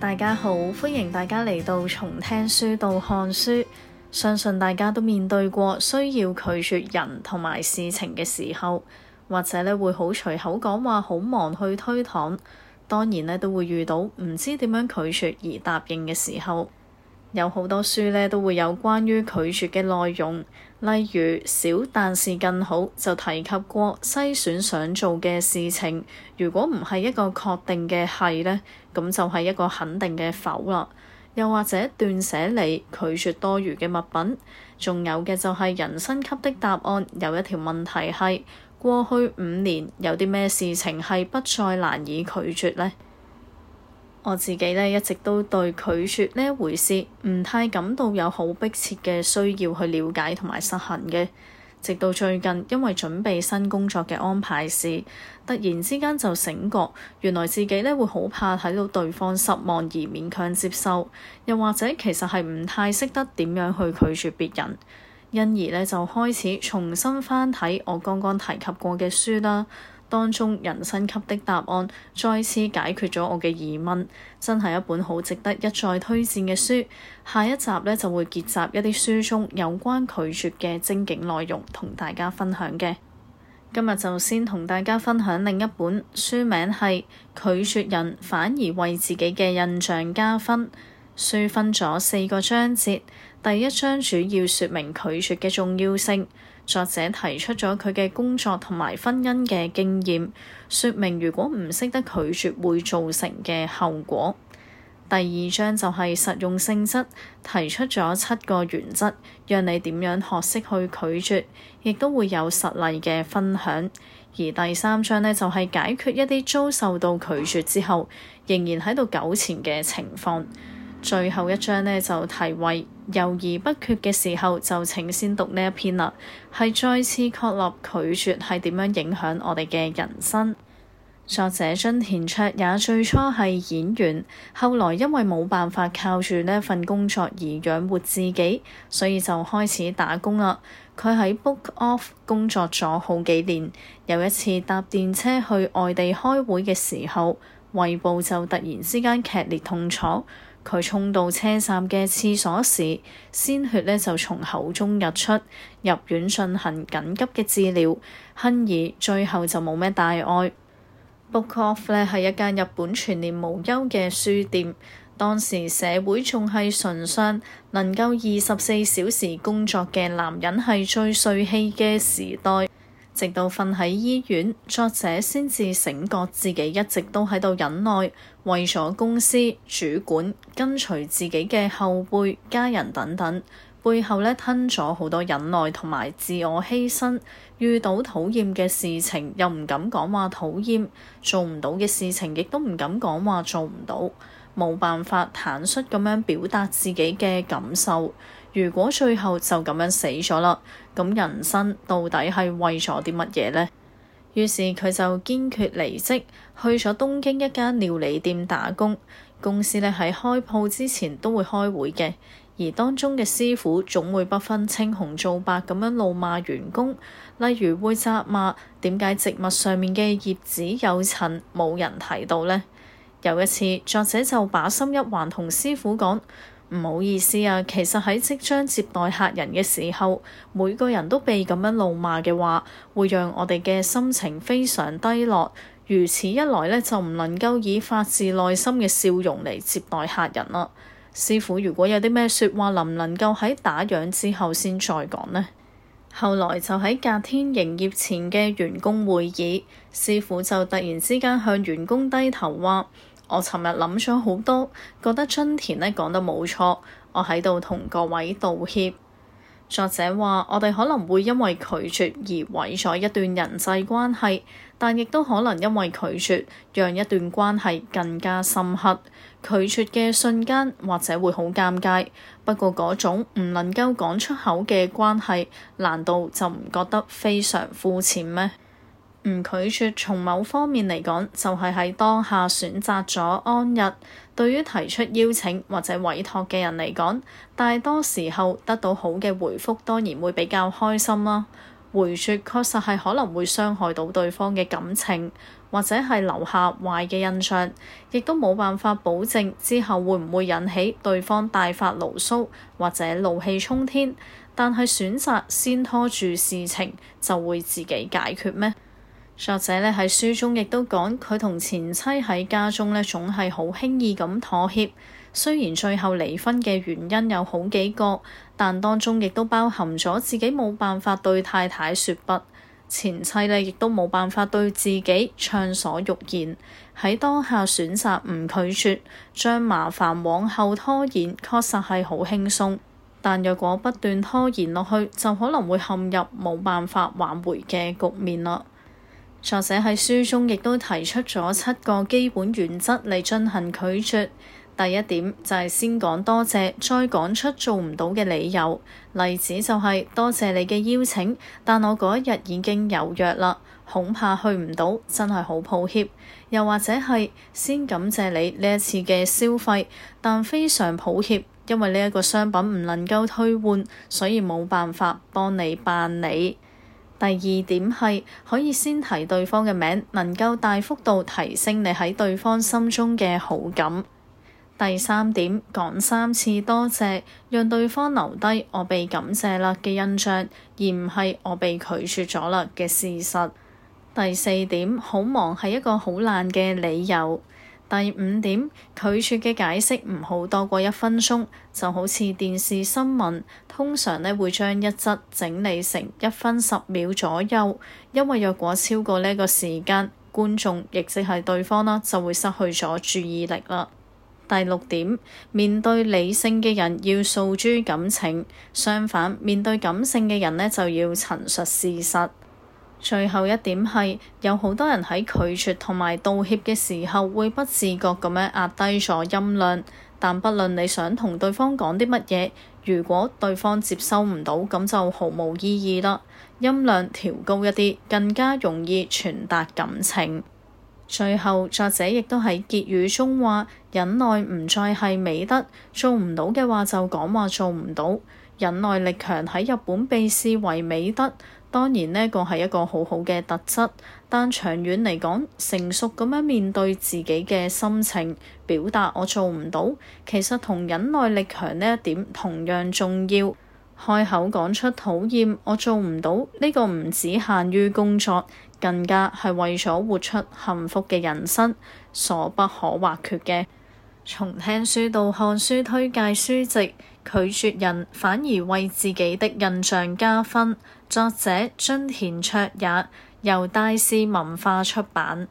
大家好，歡迎大家嚟到從聽書到看書。相信大家都面對過需要拒絕人同埋事情嘅時候，或者咧會好隨口講話，好忙去推搪。當然咧都會遇到唔知點樣拒絕而答應嘅時候。有好多書呢都會有關於拒絕嘅內容，例如少但是更好就提及過篩選想做嘅事情，如果唔係一個確定嘅係呢，咁就係一個肯定嘅否啦。又或者斷捨離拒絕多餘嘅物品，仲有嘅就係人生給的答案，有一條問題係過去五年有啲咩事情係不再難以拒絕呢？我自己呢一直都對拒絕呢回事唔太感到有好迫切嘅需要去了解同埋實行嘅，直到最近因為準備新工作嘅安排時，突然之間就醒覺，原來自己呢會好怕睇到對方失望而勉強接受，又或者其實係唔太識得點樣去拒絕別人，因而呢，就開始重新翻睇我剛剛提及過嘅書啦。當中人生給的答案，再次解決咗我嘅疑問，真係一本好值得一再推薦嘅書。下一集呢，就會結集一啲書中有關拒絕嘅精警內容同大家分享嘅。今日就先同大家分享另一本書名係拒絕人反而為自己嘅印象加分。書分咗四個章節，第一章主要説明拒絕嘅重要性。作者提出咗佢嘅工作同埋婚姻嘅經驗，說明如果唔識得拒絕會造成嘅後果。第二章就係實用性質，提出咗七個原則，讓你點樣學識去拒絕，亦都會有實例嘅分享。而第三章呢，就係解決一啲遭受到拒絕之後，仍然喺度糾纏嘅情況。最後一章呢，就提為。猶疑不決嘅時候，就請先讀呢一篇啦。係再次確立拒絕係點樣影響我哋嘅人生。作者津田卓也最初係演員，後來因為冇辦法靠住呢份工作而養活自己，所以就開始打工啦。佢喺 Book Off 工作咗好幾年，有一次搭電車去外地開會嘅時候，胃部就突然之間劇烈痛楚。佢衝到車站嘅廁所時，鮮血呢就從口中溢出，入院進行緊急嘅治療，幸而最後就冇咩大礙。Bookoff 呢，係一間日本全年無休嘅書店，當時社會仲係崇尚能夠二十四小時工作嘅男人係最帥氣嘅時代。直到瞓喺醫院，作者先至醒覺，自己一直都喺度忍耐，為咗公司、主管、跟隨自己嘅後輩、家人等等，背後呢吞咗好多忍耐同埋自我犧牲。遇到討厭嘅事情又唔敢講話討厭，做唔到嘅事情亦都唔敢講話做唔到，冇辦法坦率咁樣表達自己嘅感受。如果最後就咁樣死咗啦，咁人生到底係為咗啲乜嘢呢？於是佢就堅決離職，去咗東京一間料理店打工。公司咧喺開鋪之前都會開會嘅，而當中嘅師傅總會不分青紅皂白咁樣怒罵員工，例如會責罵「點解植物上面嘅葉子有塵冇人睇到呢？」有一次，作者就把心一橫，同師傅講。唔好意思啊，其實喺即將接待客人嘅時候，每個人都被咁樣怒罵嘅話，會讓我哋嘅心情非常低落。如此一來呢，就唔能夠以發自內心嘅笑容嚟接待客人啦。師傅如果有啲咩説話，能唔能夠喺打烊之後先再講呢？後來就喺隔天營業前嘅員工會議，師傅就突然之間向員工低頭話：我尋日諗咗好多，覺得春田呢講得冇錯，我喺度同各位道歉。作者話：我哋可能會因為拒絕而毀咗一段人際關係，但亦都可能因為拒絕讓一段關係更加深刻。拒絕嘅瞬間或者會好尷尬，不過嗰種唔能夠講出口嘅關係，難道就唔覺得非常膚淺咩？唔拒絕，從某方面嚟講，就係喺當下選擇咗安逸。對於提出邀請或者委託嘅人嚟講，大多時候得到好嘅回覆，當然會比較開心啦。回絕確實係可能會傷害到對方嘅感情，或者係留下壞嘅印象，亦都冇辦法保證之後會唔會引起對方大發牢騷或者怒氣沖天。但係選擇先拖住事情，就會自己解決咩？作者呢喺書中亦都講，佢同前妻喺家中呢總係好輕易咁妥協。雖然最後離婚嘅原因有好幾個，但當中亦都包含咗自己冇辦法對太太説不，前妻呢亦都冇辦法對自己暢所欲言。喺當下選擇唔拒絕，將麻煩往後拖延，確實係好輕鬆。但若果不斷拖延落去，就可能會陷入冇辦法挽回嘅局面啦。作者喺書中亦都提出咗七個基本原則嚟進行拒絕。第一點就係先講多謝，再講出做唔到嘅理由。例子就係多謝你嘅邀請，但我嗰一日已經有約啦，恐怕去唔到，真係好抱歉。又或者係先感謝你呢一次嘅消費，但非常抱歉，因為呢一個商品唔能夠退換，所以冇辦法幫你辦理。第二點係可以先提對方嘅名，能夠大幅度提升你喺對方心中嘅好感。第三點講三次多謝，讓對方留低我被感謝啦嘅印象，而唔係我被拒絕咗啦嘅事實。第四點好忙係一個好爛嘅理由。第五點，拒絕嘅解釋唔好多過一分鐘，就好似電視新聞，通常呢會將一則整理成一分十秒左右，因為若果超過呢個時間，觀眾亦即係對方啦，就會失去咗注意力啦。第六點，面對理性嘅人要訴諸感情，相反，面對感性嘅人呢，就要陳述事實。最後一點係有好多人喺拒絕同埋道歉嘅時候會不自覺咁樣壓低咗音量，但不論你想同對方講啲乜嘢，如果對方接收唔到，咁就毫無意義啦。音量調高一啲，更加容易傳達感情。最後作者亦都喺結語中話：忍耐唔再係美德，做唔到嘅話就講話做唔到。忍耐力強喺日本被視為美德。當然呢個係一個好好嘅特質，但長遠嚟講，成熟咁樣面對自己嘅心情表達，我做唔到，其實同忍耐力強呢一點同樣重要。開口講出討厭，我做唔到，呢個，唔只限於工作，更加係為咗活出幸福嘅人生所不可或缺嘅。從聽書到看書，推介書籍，拒絕人，反而為自己的印象加分。作者津田卓也，由大是文化出版。